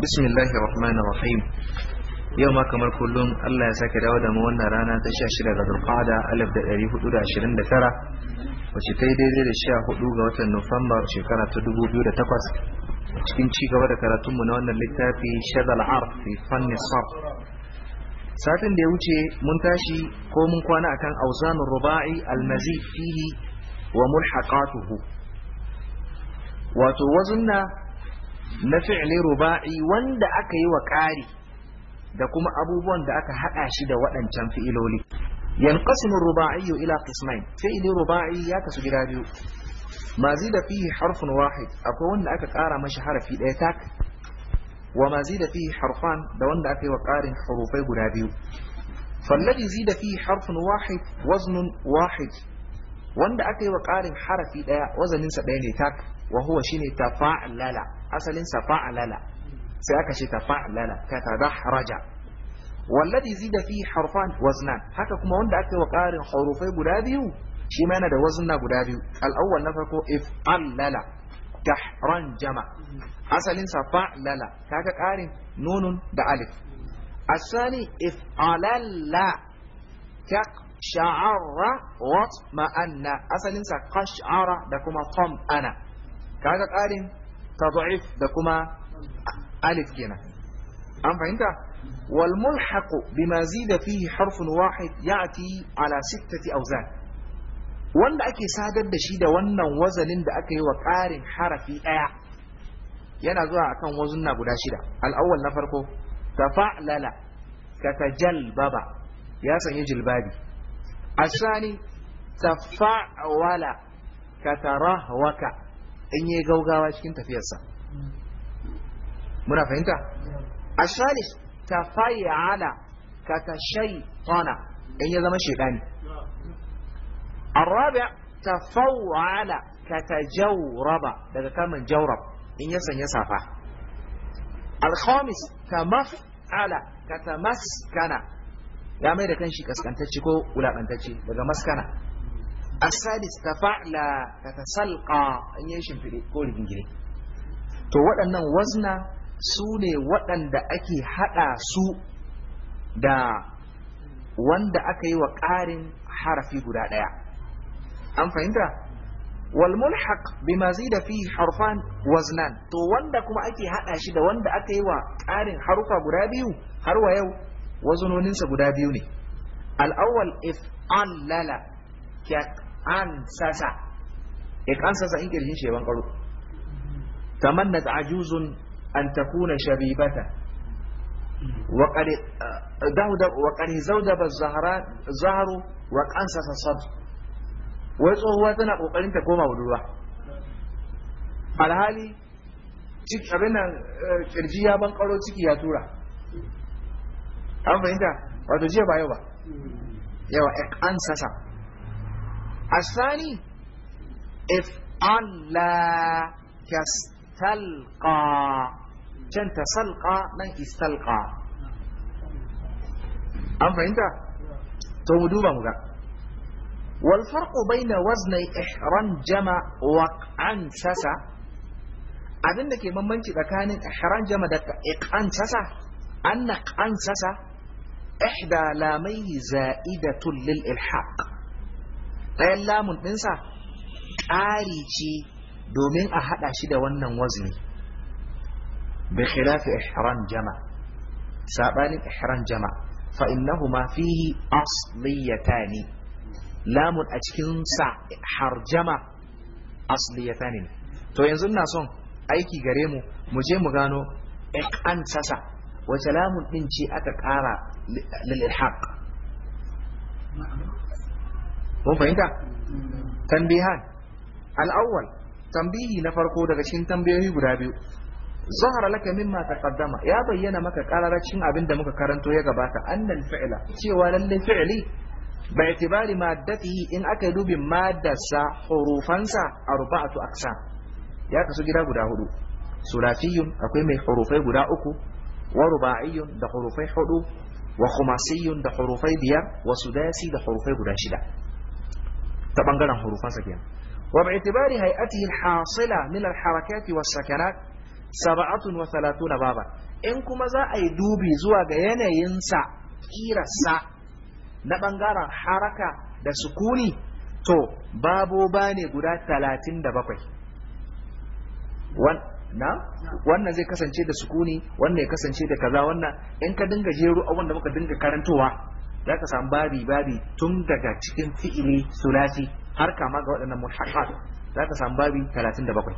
bismillahi rahman rahim yau ma kamar kullum Allah ya sake dawo da mu wannan rana ta 16 ga Zulqa'ada da wacce ta yi daidai da sha hudu ga watan Nuwamba shekara ta takwas, cikin ci gaba da karatun mu na wannan littafi Shadal Arf fi Fanni Sarf satin da ya wuce mun tashi ko mun kwana akan awzanur ruba'i al-mazi fihi wa mulhaqatuhu wato wazunna na fi'li ruba'i wanda aka yi wa ƙari da kuma abubuwan da aka haɗa shi da waɗancan fi'iloli yanqasimu ruba'iyyu ila qismain fi'li ruba'i ya kasu gida biyu ma zida fihi harfun wahid akwai wanda aka ƙara mashi harafi ɗaya tak wa ma zida fihi harfan da wanda aka yi wa ƙarin hurufai guda biyu فالذي زيد فيه حرف واحد وزن واحد wanda aka yi wa ƙarin harafi ɗaya wazaninsa ɗaya ne tak wa huwa shine asalin sa fa'alala sai aka ce tafa'alala ka tadahraja wallazi zida fi harfan waznan haka kuma wanda aka yi wa ƙarin harufai guda biyu shi ma yana da wazna guda biyu al-awwal na farko if allala tahran jama asalin sa fa'alala kaga ƙarin nunun da alif asani if alalla Ka sha'ara wat ma'anna asalin sa qash'ara da kuma fam ana kaga ƙarin tad'if da kuma alif kenan an fahimta wal bimazi bima zida fihi harfun wahid ya'ti ala sittati awzan wanda ake sadar da shi da wannan wazanin da aka yi wa ƙarin harafi ɗaya yana zuwa akan wazunna guda shida al-awwal na farko tafa'lala katajalbaba ya sanya jilbabi asani tafa'wala katarahwaka in yi gaugawa cikin tafiyarsa muna fahimta A ashalis ta fayyala ka ta tona in ya zama a rabia ta fawwala ka ta jauraba daga kamun jaurab in ya sanya safa alkhamis ta ala ka ta maskana ya mai da kan shi kaskantacce ko wulakantacce daga maskana asadis ta fa'la ta ta salƙa an yi shimfiɗe ko rigingire to waɗannan wazna su ne waɗanda ake haɗa su da wanda aka yi wa ƙarin harafi guda ɗaya an fahimta wal mulhaq bima zida fi harfan waznan to wanda kuma ake haɗa shi da wanda aka yi wa ƙarin harufa guda biyu har wa yau wazanoninsa guda biyu ne al awwal if allala an sasa e kan sasa in kirjin shi ban karo tamannat ajuzun an takuna shabibata wa qad eh, dauda wa qad zauda zahra zahru wa kan sasa sabr wai tsohuwa tana kokarin ta koma budurwa alhali cik abin nan eh, kirji ya ban karo ciki ya tura an fahimta wato jiya ba yau ba yawa eh, an sasa الثاني افعلا كاستلقى كان تسلقى من استلقى أم فهمت تودوبا مغا والفرق بين وزن إحرام جمع وقعا سسا abin da ke bambanci tsakanin ihram jama da iqan sasa anna qan sasa ihda lamai za'idatul lil ilhaq ɗayan lamun ɗinsa ƙari ce domin a haɗa shi da wannan wazni bi khilafi ihram jama sabanin ihram jama fa innahuma fihi asliyatani lamun a cikin sa harjama asliyatani to yanzu ina son aiki gare mu mu je mu gano ikan sasa wace lamun ɗin ce aka ƙara lil mun fahimta tambihan al-awwal tambihi na farko daga cikin tambayoyi guda biyu zahara laka mimma taqaddama ya bayyana maka qararacin abin da muka karanto ya gabata annal fi'la cewa lalle fi'li ba itibari maddatihi in aka dubi maddarsa hurufansa arba'atu aksa ya kasu gida guda hudu sulafiyun akwai mai hurufai guda uku wa ruba'iyun da hurufai hudu wa khumasiyun da hurufai biyar wa sudasi da hurufai guda shida ta bangaren hurufansa kenan wa ba itibari hay'atihi al-hasila min al-harakat wa sakarat sab'atun wa thalathuna baba in kuma za a yi dubi zuwa ga yanayinsa kirasa na bangaren haraka da sukuni to babo ba ne guda 37 na wannan zai kasance da sukuni wannan ya kasance da kaza wannan in ka dinga jeru abin da muka dinga karantowa za ka samu babi babi tun daga cikin fi'ili sulasi har kama ga waɗannan mulhaqat za ka samu babi 37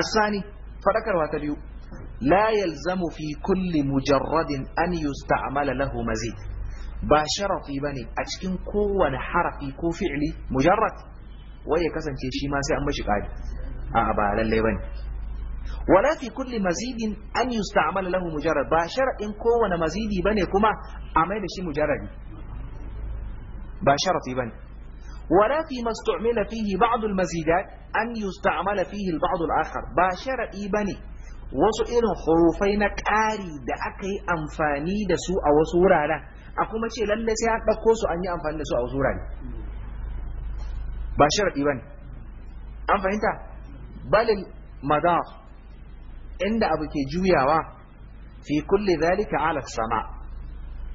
asani fadakarwa ta biyu la yalzamu fi kulli mujarradin an yusta'mala lahu mazid ba sharafi bane a cikin kowane harafi ko fi'ili mujarrad wai ya kasance shi ma sai an mashi ƙari a ba lallai bane wala fi kulli mazidin an yusta'mal lahu mujarrad ba sharadin kowane mazidi bane kuma a mai da shi mujarradi ba sharadi bane wala fi mastu'mila fihi ba'd al-mazidat an yusta'mala fihi al-ba'd al ba sharadi bane wasu irin hurufai na ƙari da aka yi amfani da su a wasu wuraren a kuma ce sai an ɗauko su an yi amfani da su a wasu wurare ba an fahimta balil madar inda abu ke juyawa fi kulli zalika ala sama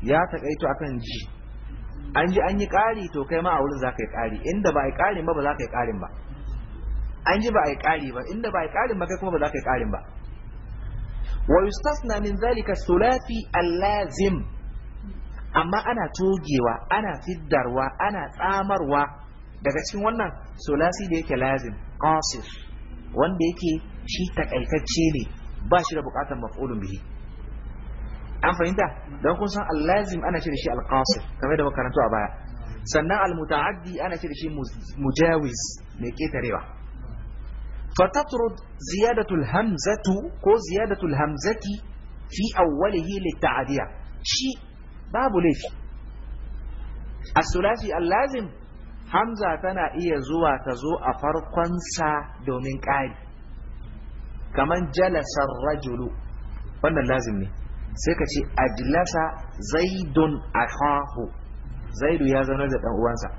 ya takaito akan ji an ji an yi ƙari to kai ma a wurin zaka yi ƙari inda ba a yi ƙarin ba ba za ka yi ƙarin ba an ji ba a yi ƙari ba inda ba a yi ƙarin ba kai kuma ba za ka yi ƙarin ba wa yustasna min zalika sulasi allazim amma ana togewa ana fiddarwa ana tsamarwa daga cikin wannan sulasi da yake lazim qasir wanda yake shi takaitacce ne ba shi da bukatar maf'ulun bihi an fahimta don kun san allazim ana ce shi alqasir kamar da makarantu a baya sannan almutaaddi ana ce shi mujawiz mai ketarewa fatatrud ziyadatul hamzatu ko ziyadatul hamzati fi awwalihi litta'diya shi babu laifi as-sulasi allazim hamza tana iya zuwa ta zo a farkonsa domin ƙari kaman jalasar rajulu wannan lazim ne sai ka ce ajlasa zaidun ahahu zaidu ya zaunar da dan uwansa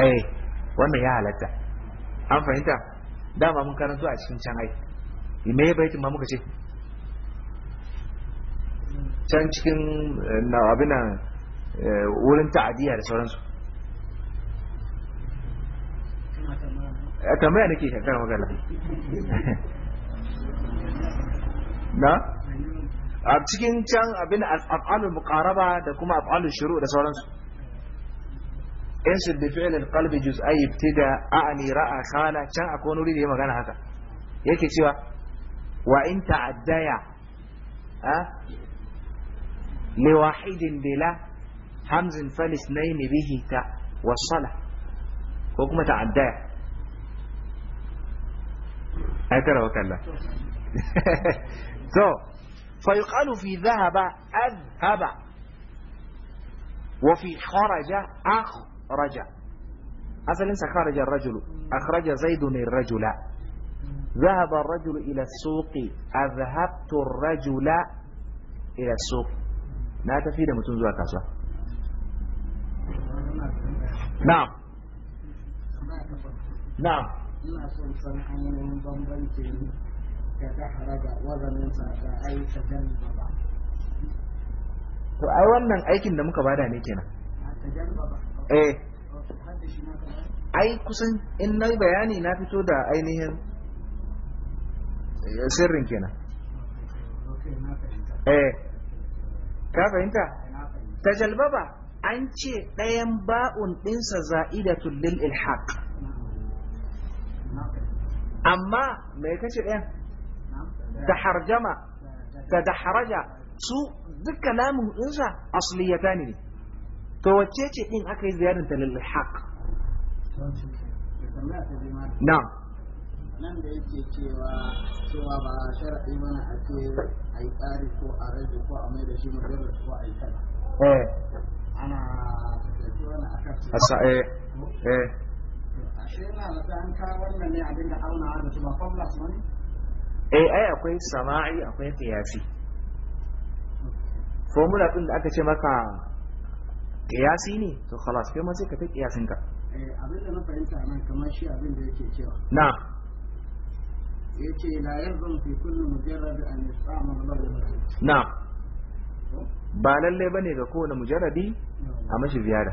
ai wannan ya halatta an fahimta dama mun karanto a cikin can ai me ya baitin ma muka ce can cikin eh, abin nan eh, wurin ta'adiyya da sauransu Eh, tambaya nake shakar magana na a cikin can abin af'alul muqaraba da kuma af'alul shuru da sauransu in su bi fi'lil qalbi juz'ai ibtida a'ani ra'a kana can akwai wani da ya magana haka yake cewa wa in ta'addaya a li wahidin bila hamzin falis nayn bihi ta wasala ko kuma ta'addaya هكذا وكلا سو فيقال في ذهب أذهب وفي خرج أخرج أصلا ليس خرج الرجل أخرج زيد الرجل ذهب الرجل إلى السوق أذهبت الرجل إلى السوق لا تفيد تنزل كاسوة نعم نعم ina son san hanyoyin bambancin da ta haraba wazaninsa da aika ba. to ai wannan aikin da muka bada ne kenan eh ai kusan in na bayani na fito da ainihin eh, sirrin kenan eh ka fahimta tajalbaba an ce ɗayan ba'un ɗinsa za'idatul lil ilhaq amma mai kace ɗaya? da harjama da da haraja su duka lamun ɗinsa asliyata ne to wacce ce ɗin aka yi ziyarar ta lil haq na'am nan da yake cewa cewa ba sharaɗi mana a ce a yi tsari ko a rage ko a mai da shi mujarrad ko a yi kala. eh ana tafiya wani akan eh eh ashe na da an kawo wannan ne a eh ai akwai sama'i akwai kiyasi formula din da aka ce maka kiyasi ne to khalas kai ma sai ka ta kiyasin ka eh abin da na fahimta nan kamar shi abin da yake cewa na yace la yarzu fi kulli mujarrad an yasama mabadi na ba lalle bane ga kowane mujarradi a mashi ziyara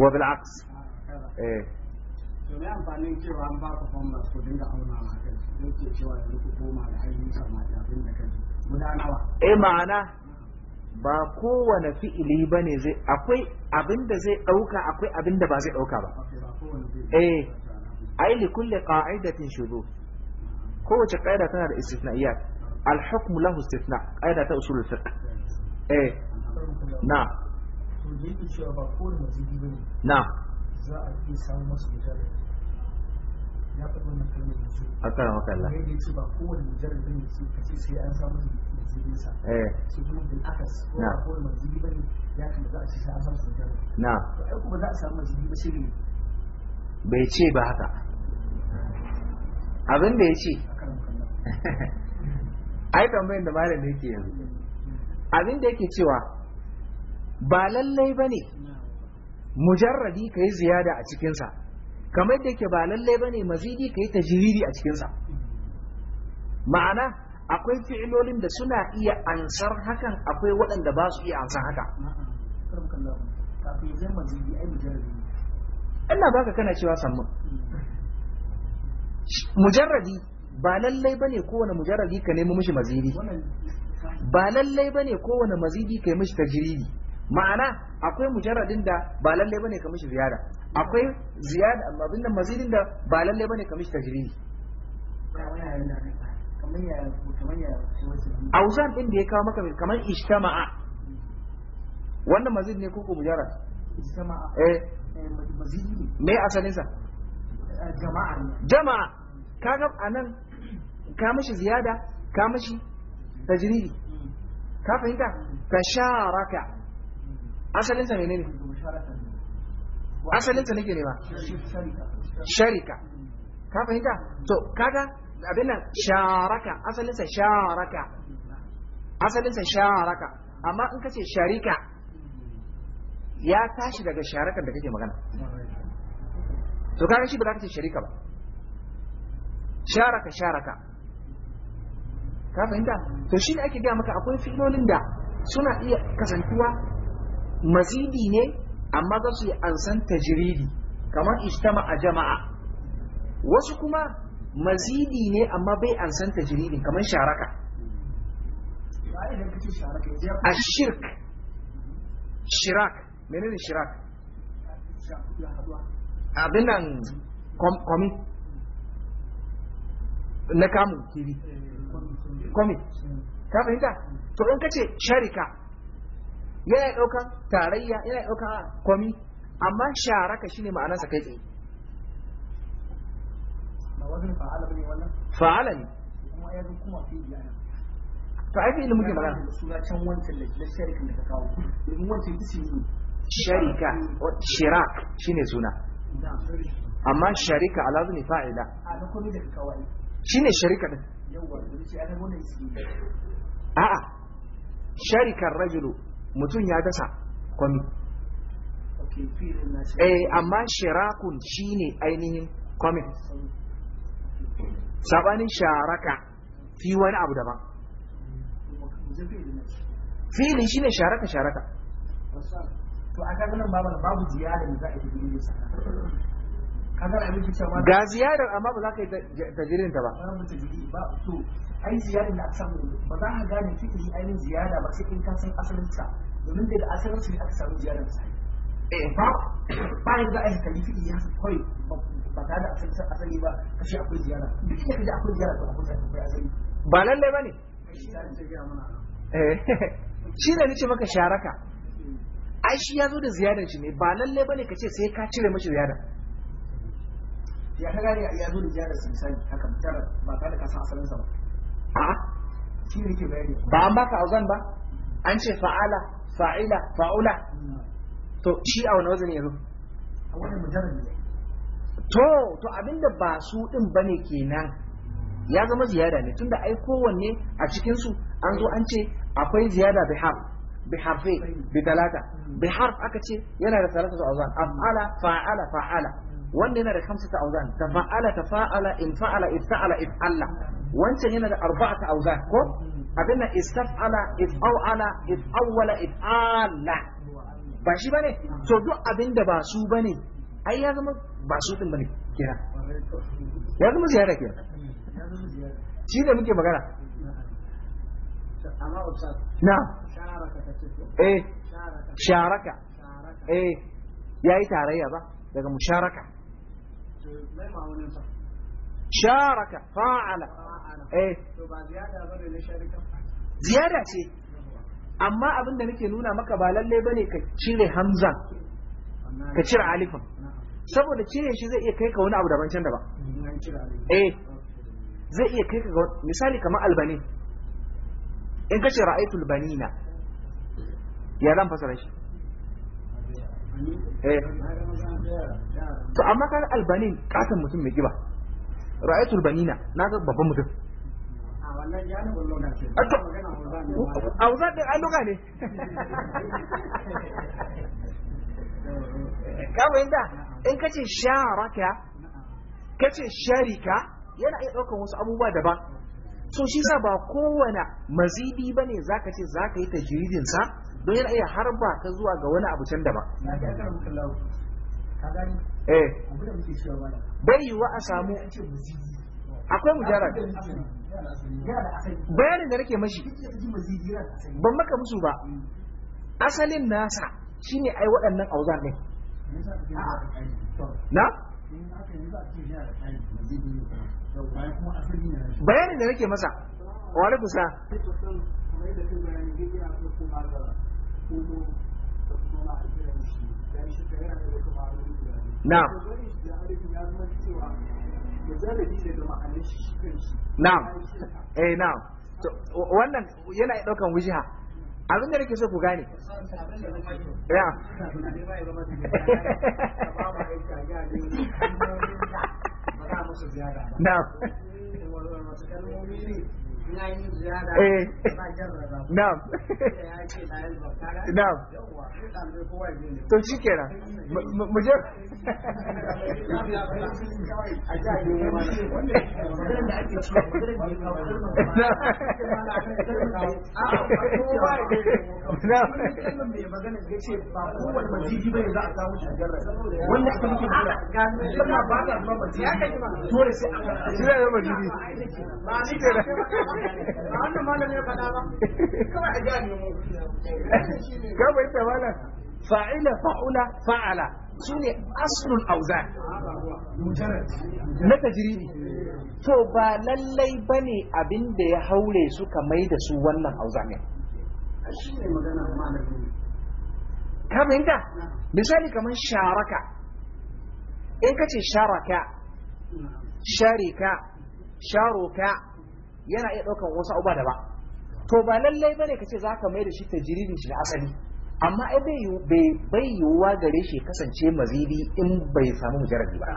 wa bil aks ah, eh to ne amfanin cewa an ba ka formulas ku dinga auna ma kai don ke cewa yanzu ku koma da ainihin sama da abin da kaji gudanawa eh ma'ana ba kowane fi'ili ba ne zai akwai abin da zai ɗauka akwai abin da ba zai ɗauka ba eh ai li kulli qa'idatin shudu kowace qaida tana da istithna'iyat al-hukmu lahu istithna qaida ta usul fiqh eh na na za a iya samun masu mujallar ya faɗi wannan kalmar da su a kan makalla ya yi ce ba kowane mujallar zai yi ce kace sai an samu mazibin sa eh. su kuma bin akas ko ba kowane ba ne ya kan za a ce sai an samu mujallar na ai kuma za a samu mazibi ba sai bai ce ba haka abin da ya ce ai tambayin da malam ke yanzu abin da yake cewa ba lallai ba ne. mujarradi ka yi ziyada a cikinsa kamar da yake ba lallai ba ne mazidi ka yi ta jiriri a cikinsa ma'ana akwai fi'ilolin da suna iya ansar hakan akwai waɗanda ba su iya ansar haka Allah baka kana cewa samu. mujarradi ba lallai ne kowane mujarradi ka nemi mishi mazidi ba lallai ne kowane mazidi ka yi mishi jiriri. ma'ana akwai mujarradin da ba lalle bane ka mishi ziyada akwai ziyada abin da mazidin da ba lalle bane ka mishi A ausan din da ya kawo maka kamar ishtama'a wannan mazid ne koko mujarrad ishtama'a eh, eh me asalinsa eh, jama'a jama'a kaga anan ka mishi ziyada ka mishi tajribi mm. ka fahimta Ka mm. sharaka asalin sa menene asalin sa nake ne ba sharika ka fahimta to kaga abin nan sharaka asalin sa sharaka asalin sa sharaka amma in kace sharika ya tashi daga sharakan da kake magana to kaga shi ba za ka ce sharika ba sharaka sharaka ka fahimta to shi ne ake gaya maka akwai filolin da suna iya kasantuwa mazidi ne amma za su yi ansan tajiridi kamar istama a jama'a wasu kuma mazidi ne amma bai ansan tajiridi kamar sharaka a shirk shirak menene shirak abin nan komi na kamun kiri komi ka fahimta to in ka ce sharika yana ɗaukan tarayya yana ɗaukan komi amma sharaka shine ma'anar sa kai tsaye fa'ala ne to ai fi'il muke magana suna can wancan da sharikin da ka kawo domin wancan ismi ne sharika shirak shine suna amma sharika alazu ne fa'ila shine sharika din yawa shi ana wannan ismi a'a sharikar rajulu mutum ya dasa kwami eh amma shirakun shine ainihin kwami sabanin sharaka fi wani abu daban filin shine sharaka sharaka to a kaga nan babu babu ziyarar da za a yi gidan sa da ga ziyarar amma ba za ka yi tajirin ta ba ba to ai ziyarar da aka samu ba za ka gane fi'ili ainihin ziyara ba sai in ka san asalin ta domin daga asalin su ne aka samu ziyarar misali eh ba bayan yin za a yi kalifi ya kai ba ta da asali asali ba kashi akwai ziyara duk inda kaji akwai ziyara to akwai akwai asali ba lallai bane eh, shi ne nace maka sharaka ai shi ya zo da ziyarar shi ne ba ne bane kace sai ka cire mashi ziyarar ya ka gani ya zo da ziyarar su misali haka mutara ba tare da ka san asalin sa ba a shi ne ke bayani ba an baka auzan ba an ce fa'ala fa'ila fa'ula to shi a wani wazani yazo to to abinda ba su din bane kenan ya zama ziyada ne tunda ai kowanne a cikin su an zo an ce akwai ziyada bi harf bi harfi bi talata bi harf aka ce yana da talata su awzan af'ala fa'ala fa'ala wanda yana da ta awzan tafa'ala fa'ala, in fa'ala ifta'ala if'alla wancan yana da arba'a ta awzan ko abin nan istaf'ala if'ala if'awwala If'ana. ba shi bane to duk abin da ba su bane ai ya zama ba su din bane kira ya zama ziyara kira shi da muke magana na eh sharaka eh yayi tarayya ba daga musharaka شارك فاعل eh ziyada ce amma abin da nake nuna maka ba lalle bane ka cire hamza ka cire alifin saboda cire shi zai iya kai ka wani abu daban can daban eh zai iya kai ka misali kamar albani in ka ce ra'aytul banina ya zan fasara shi eh to amma kan albani katan mutum mai giba ra'ayatul banina na ga babban mutum a wuzar da an luga ne ka in kace sharika yana iya ɗaukar wasu abubuwa daban so shi sa ba kowane mazidi ba ne za ka ce za ka yi tajiridinsa don yana iya harba ka zuwa ga wani abu can daban eh bai yiwuwa a samu akwai mujarrad bayanin da nake mashi ban maka musu ba hmm. asalin nasa shine ai waɗannan auzan ɗin na bayanin da nake masa wani kusa. na'am na'am eh na'am wannan yana daukan wujiha abin da nake so ku gane ya na'am eh na'am na'am to shi kera. mu je kawai a ta wala fa'ila fa'ula fa'ala su ne aslul auza na tajiribi to ba lallai ba ne abin da ya haure suka mai da su wannan auza ne kaminta misali kamar sharaka in ka ce sharaka sharika sharoka yana iya ɗaukan wasu uba da ba to ba lallai bane ka ce za ka mai da shi tajiridin shi na asali amma ai bai yiwuwa gare shi kasance mazidi in bai samu mujarrabi ba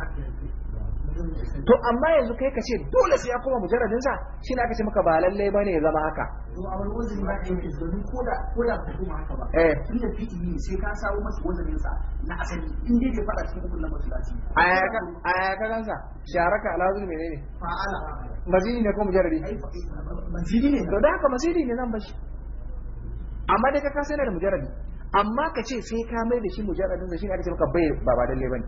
to amma yanzu kai ka ce dole sai ya koma mujarradin sa shi na kace maka ba lalle bane ya zama haka a wani wazin ba kai ne domin haka ba eh. da ne sai ka ne ko mujarradi eh, mazini ne to bashi amma dai ka kasa yana da mujarradi amma ka ce sai ka mai da shi mujarradin da shi ne aka maka bai ba ba lalle bane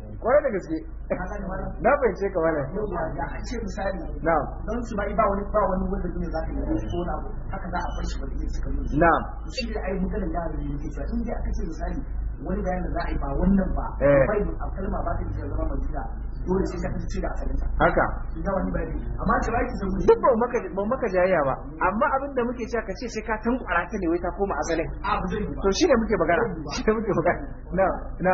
kwarai da gaske na fahimce ka wannan da a ce misali na don su ba ba wani ba wani wanda ne zaka yi ko na haka za a bar shi wanda suka yi na shi da ai mutanen da ne ke cewa in dai aka ce misali wani bayanin da za a yi ba wannan ba eh. bai a kalma ba ta ce zama manzila dole sai ka ci da asalinta haka ina wani bayani amma ta baki sun duk ba maka ba maka jayayya ba amma abin da muke cewa ka ce sai ka tankwara ta ne wai ta koma asalin to shine muke magana shi ne muke magana na na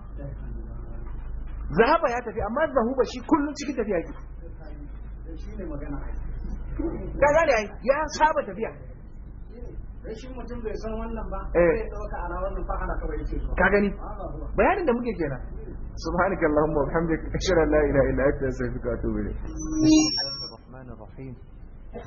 zahaba ya tafi amma zahuba shi kullum cikin tafiya ke. ka ne ya saba tafiya rashin mutum bai san wannan ba eh. zai dauka rawar nufa kawai yake ka gani bayanin da muke kenan سبحانك اللهم وبحمدك